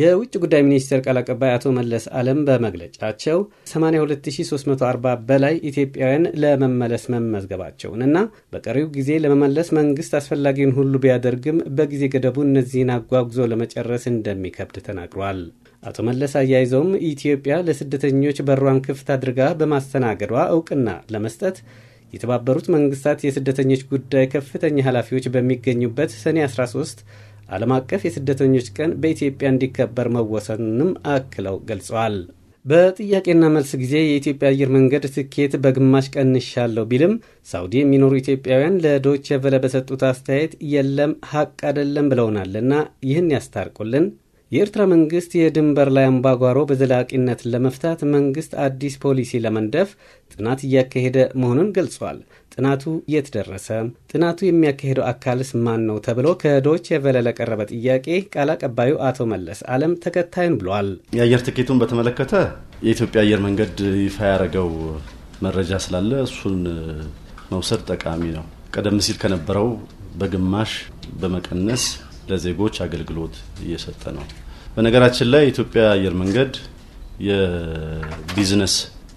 የውጭ ጉዳይ ሚኒስቴር ቃል አቀባይ አቶ መለስ አለም በመግለጫቸው 82340 በላይ ኢትዮጵያውያን ለመመለስ መመዝገባቸውን እና በቀሪው ጊዜ ለመመለስ መንግስት አስፈላጊውን ሁሉ ቢያደርግም በጊዜ ገደቡ እነዚህን አጓጉዞ ለመጨረስ እንደሚከብድ ተናግሯል። አቶ መለስ አያይዘውም ኢትዮጵያ ለስደተኞች በሯን ክፍት አድርጋ በማስተናገዷ እውቅና ለመስጠት የተባበሩት መንግስታት የስደተኞች ጉዳይ ከፍተኛ ኃላፊዎች በሚገኙበት ሰኔ 13 ዓለም አቀፍ የስደተኞች ቀን በኢትዮጵያ እንዲከበር መወሰኑንም አክለው ገልጸዋል። በጥያቄና መልስ ጊዜ የኢትዮጵያ አየር መንገድ ትኬት በግማሽ ቀንሻለሁ ቢልም ሳውዲ የሚኖሩ ኢትዮጵያውያን ለዶይቼ ቨለ በሰጡት አስተያየት የለም ሀቅ አይደለም ብለውናልና ይህን ያስታርቁልን የኤርትራ መንግስት የድንበር ላይ አምባጓሮ በዘላቂነት ለመፍታት መንግስት አዲስ ፖሊሲ ለመንደፍ ጥናት እያካሄደ መሆኑን ገልጿል። ጥናቱ የት ደረሰ? ጥናቱ የሚያካሄደው አካልስ ማን ነው? ተብሎ ከዶች የበለለ ለቀረበ ጥያቄ ቃል አቀባዩ አቶ መለስ አለም ተከታዩን ብሏል። የአየር ትኬቱን በተመለከተ የኢትዮጵያ አየር መንገድ ይፋ ያደረገው መረጃ ስላለ እሱን መውሰድ ጠቃሚ ነው። ቀደም ሲል ከነበረው በግማሽ በመቀነስ ለዜጎች አገልግሎት እየሰጠ ነው። በነገራችን ላይ የኢትዮጵያ አየር መንገድ የቢዝነስ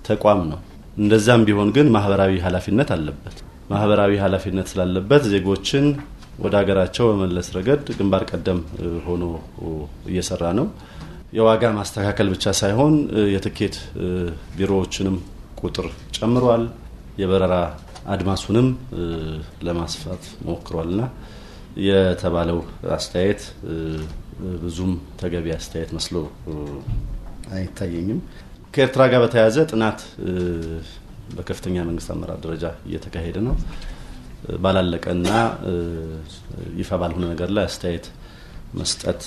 ተቋም ነው። እንደዛም ቢሆን ግን ማህበራዊ ኃላፊነት አለበት። ማህበራዊ ኃላፊነት ስላለበት ዜጎችን ወደ ሀገራቸው በመለስ ረገድ ግንባር ቀደም ሆኖ እየሰራ ነው። የዋጋ ማስተካከል ብቻ ሳይሆን የትኬት ቢሮዎችንም ቁጥር ጨምሯል። የበረራ አድማሱንም ለማስፋት ሞክሯልና የተባለው አስተያየት ብዙም ተገቢ አስተያየት መስሎ አይታየኝም። ከኤርትራ ጋር በተያያዘ ጥናት በከፍተኛ መንግስት አመራር ደረጃ እየተካሄደ ነው። ባላለቀና ይፋ ባልሆነ ነገር ላይ አስተያየት መስጠት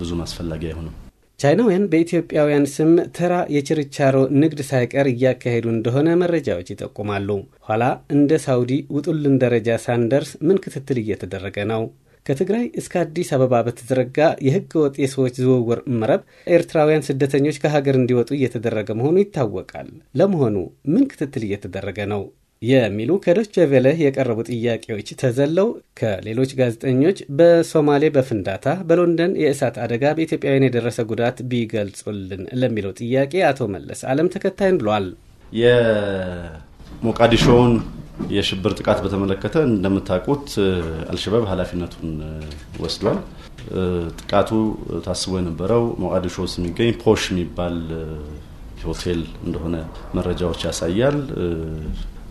ብዙም አስፈላጊ አይሆንም። ቻይናውያን በኢትዮጵያውያን ስም ተራ የችርቻሮ ንግድ ሳይቀር እያካሄዱ እንደሆነ መረጃዎች ይጠቁማሉ። ኋላ እንደ ሳውዲ ውጡልን ደረጃ ሳንደርስ ምን ክትትል እየተደረገ ነው? ከትግራይ እስከ አዲስ አበባ በተዘረጋ የሕገ ወጥ የሰዎች ዝውውር መረብ ኤርትራውያን ስደተኞች ከሀገር እንዲወጡ እየተደረገ መሆኑ ይታወቃል። ለመሆኑ ምን ክትትል እየተደረገ ነው? የሚሉ ከዶች ቬለ የቀረቡ ጥያቄዎች ተዘለው ከሌሎች ጋዜጠኞች በሶማሌ በፍንዳታ በሎንደን የእሳት አደጋ በኢትዮጵያውያን የደረሰ ጉዳት ቢገልጹልን ለሚለው ጥያቄ አቶ መለስ አለም ተከታይን ብሏል። የሞቃዲሾውን የሽብር ጥቃት በተመለከተ እንደምታውቁት አልሸባብ ኃላፊነቱን ወስዷል። ጥቃቱ ታስቦ የነበረው ሞቃዲሾ ውስጥ የሚገኝ ፖሽ የሚባል ሆቴል እንደሆነ መረጃዎች ያሳያል።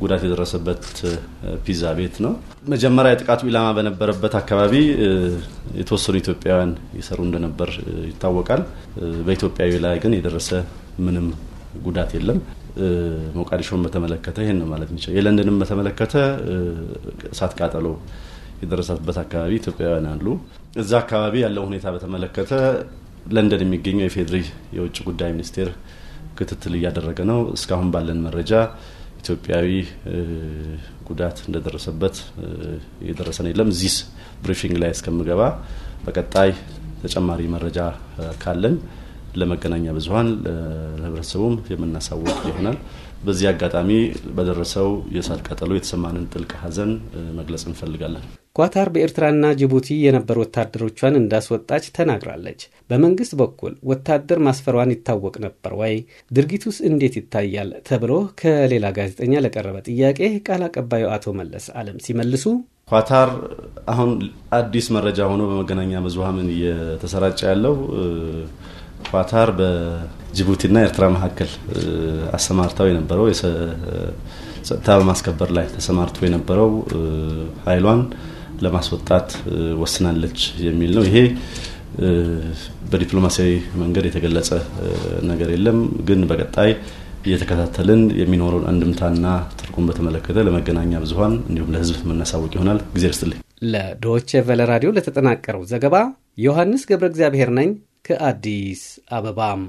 ጉዳት የደረሰበት ፒዛ ቤት ነው። መጀመሪያ የጥቃቱ ኢላማ በነበረበት አካባቢ የተወሰኑ ኢትዮጵያውያን ይሰሩ እንደነበር ይታወቃል። በኢትዮጵያዊ ላይ ግን የደረሰ ምንም ጉዳት የለም። ሞቃዲሾን በተመለከተ ይህን ማለት ነው። የለንደንም በተመለከተ እሳት ቃጠሎ የደረሰበት አካባቢ ኢትዮጵያውያን አሉ። እዛ አካባቢ ያለው ሁኔታ በተመለከተ ለንደን የሚገኘው የፌዴሪ የውጭ ጉዳይ ሚኒስቴር ክትትል እያደረገ ነው። እስካሁን ባለን መረጃ ኢትዮጵያዊ ጉዳት እንደደረሰበት የደረሰን የለም። እዚህ ብሪፊንግ ላይ እስከምገባ በቀጣይ ተጨማሪ መረጃ ካለን ለመገናኛ ብዙኃን ለህብረተሰቡም የምናሳውቅ ይሆናል። በዚህ አጋጣሚ በደረሰው የእሳት ቃጠሎ የተሰማንን ጥልቅ ሐዘን መግለጽ እንፈልጋለን። ኳታር በኤርትራና ጅቡቲ የነበሩ ወታደሮቿን እንዳስወጣች ተናግራለች። በመንግስት በኩል ወታደር ማስፈሯን ይታወቅ ነበር ወይ? ድርጊቱስ እንዴት ይታያል? ተብሎ ከሌላ ጋዜጠኛ ለቀረበ ጥያቄ ቃል አቀባዩ አቶ መለስ አለም ሲመልሱ ኳታር አሁን አዲስ መረጃ ሆኖ በመገናኛ ብዙኃን እየተሰራጨ ያለው ኳታር በጅቡቲና ኤርትራ መካከል አሰማርተው የነበረው ጸጥታ በማስከበር ላይ ተሰማርቶ የነበረው ኃይሏን ለማስወጣት ወስናለች የሚል ነው። ይሄ በዲፕሎማሲያዊ መንገድ የተገለጸ ነገር የለም፣ ግን በቀጣይ እየተከታተልን የሚኖረውን አንድምታና ትርጉም በተመለከተ ለመገናኛ ብዙኃን እንዲሁም ለሕዝብ መናሳወቅ ይሆናል። ጊዜ ርስትልኝ። ለዶቼ ቨለ ራዲዮ ለተጠናቀረው ዘገባ ዮሐንስ ገብረ እግዚአብሔር ነኝ ከአዲስ አበባም